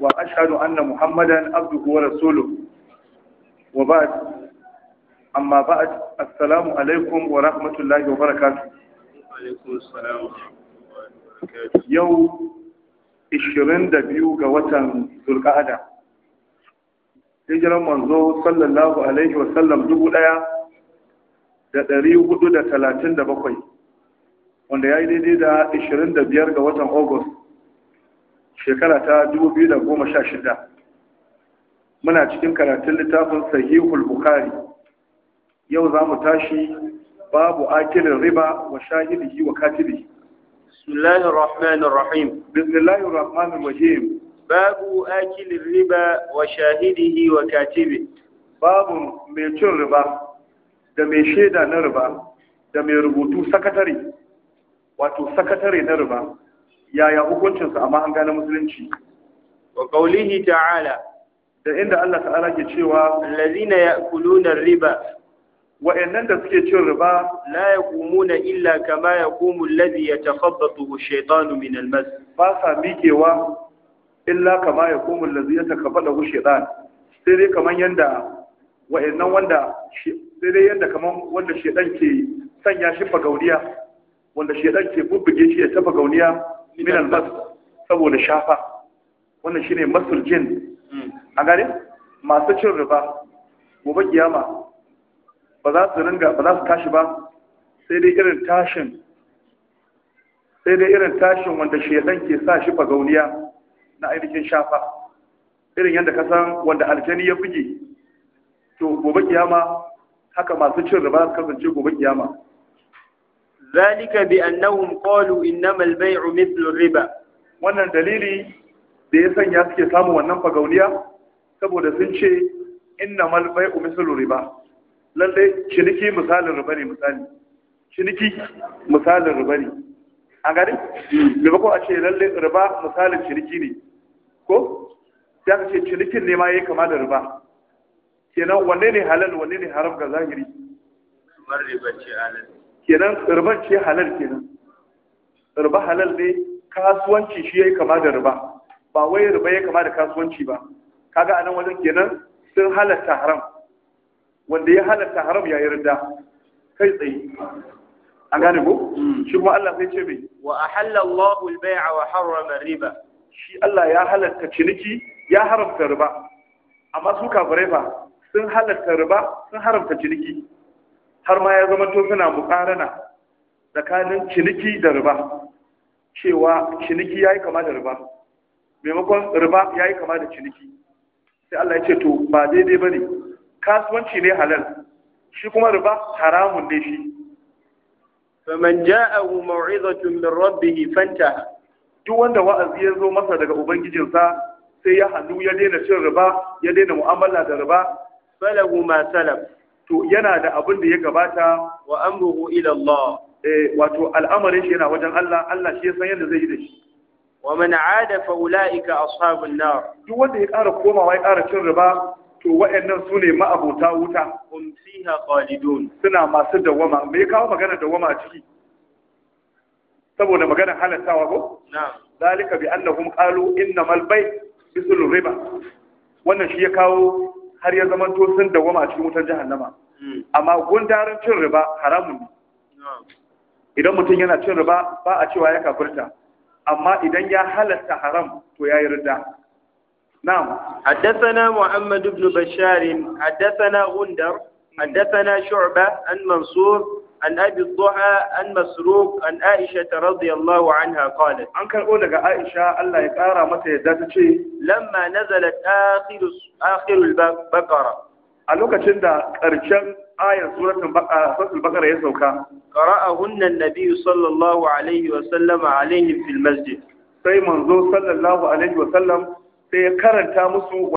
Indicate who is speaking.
Speaker 1: وأشهد أن محمدا عبده ورسوله وبعد أما بعد السلام عليكم ورحمة الله وبركاته عليكم السلام ورحمة الله وبركاته يوم 22 ga watan Zulqa'ada hijiran manzo sallallahu alaihi wa sallam dubu ɗaya da ɗari hudu da talatin da bakwai wanda ya yi daidai da 25 ga watan Agusta shekara ta 2016 muna cikin karatun littafin sahihul bukari yau za mu tashi babu akilin riba wa shahidihi wa katibi bismillahir rahmanir rahim bismillahir rahmanir rahim babu akilin riba wa shahidihi wa katibi babu mai cin riba da mai shaida na riba da mai rubutu sakatare wato sakatare na riba yaya hukuncinsa amma an gane musulunci wa qawlihi ta'ala da inda Allah ta'ala ke cewa allazina ya'kuluna riba Wa wa'annan da suke cin riba la yaqumuna illa kama yaqumu alladhi yatakhabbathu ash-shaytanu min al-mas fa sa mikewa illa kama yaqumu alladhi yatakhabbathu ash-shaytan sai dai kaman yanda wa'annan wanda sai dai yanda kaman wanda shedan ke sanya shi fagauniya wanda shedan ke bubbuge shi ya tafa gauniya minan mas saboda shafa wannan shine masul jin A gane masu cin riba gobe kiyama ba za su ringa ba za su tashi ba sai dai irin tashin sai dai irin tashin wanda shedan ke sa shi fagauniya na ainihin shafa irin yadda ka san wanda aljani ya buge to gobe kiyama haka masu cin riba su kasance gobe kiyama ذلك bi annahum إنما البيع مثل الربا riba wannan dalili da ya sanya suke samu wannan fagauniya saboda sun ce innamal bay'u mithlu riba lalle ciniki misalin riba ne misali ciniki misalin riba ne A gari me bako a ce lalle riba misalin ciniki ne ko sai ce cinikin ne ma yayi kama da riba kenan wanne ne halal wanne ne haram ga zahiri kamar riba ce halal kenan riban ce halal kenan tsirba halal ne kasuwanci shi ya yi kama da riba ba wai riba ya kama da kasuwanci ba kaga anan wajen kenan sun halatta haram wanda ya halatta haram ya yarda kai tsaye an gane ko mm. shi kuma Allah sai ce mai wa ahalla Allahu al-bai'a wa harrama riba shi Allah ya halatta ciniki ya haramta riba amma su kafirai fa sun halatta riba sun haramta ciniki har ma ya zama to suna mukarana tsakanin ciniki da riba cewa ciniki ya yi kama da riba maimakon riba ya kama da ciniki sai Allah ya ce to ba daidai bane kasuwanci ne halal shi kuma riba haramun ne shi faman ja'ahu maw'izatun min rabbih fantaha duk wanda wa'azi ya zo masa daga ubangijinsa sai ya hannu ya daina cin riba ya daina mu'amala da riba falahu ma salaf to yana da abin da ya gabata wa amruhu ila Allah eh wato al'amarin shi yana wajen Allah Allah shi ya san yadda zai yi da shi wa man aada fa ulaika ashabun nar duk wanda ya ƙara komawa ya ƙara cin riba to wa'annan su ne ma'abota wuta hum fiha khalidun suna masu dawama me ya kawo magana dawama a ciki saboda magana halattawa ko na'am zalika bi annahum qalu innamal bay' bisul riba wannan shi ya kawo har ya zama to sun da a cikin wutar jahannama hmm. amma gundarin cin riba haramun ne idan mutum yana cin riba ba a cewa ya kafirta amma idan ya halatta haram to ya na ridda na'am haddathana muhammad ibn bashar haddathana gundar hmm. na shu'ba an mansur an abi duha an masruq an aisha ta radiyallahu anha qalat an karbo daga aisha Allah ya kara mata yadda ta ce lamma nazalat akhir akhir al-baqara a lokacin da karshen ayar suratul baqara ya sauka qara'ahunna an-nabi sallallahu alaihi wa sallama alaihim fil masjid sai manzo sallallahu alaihi wa sallam sai ya karanta musu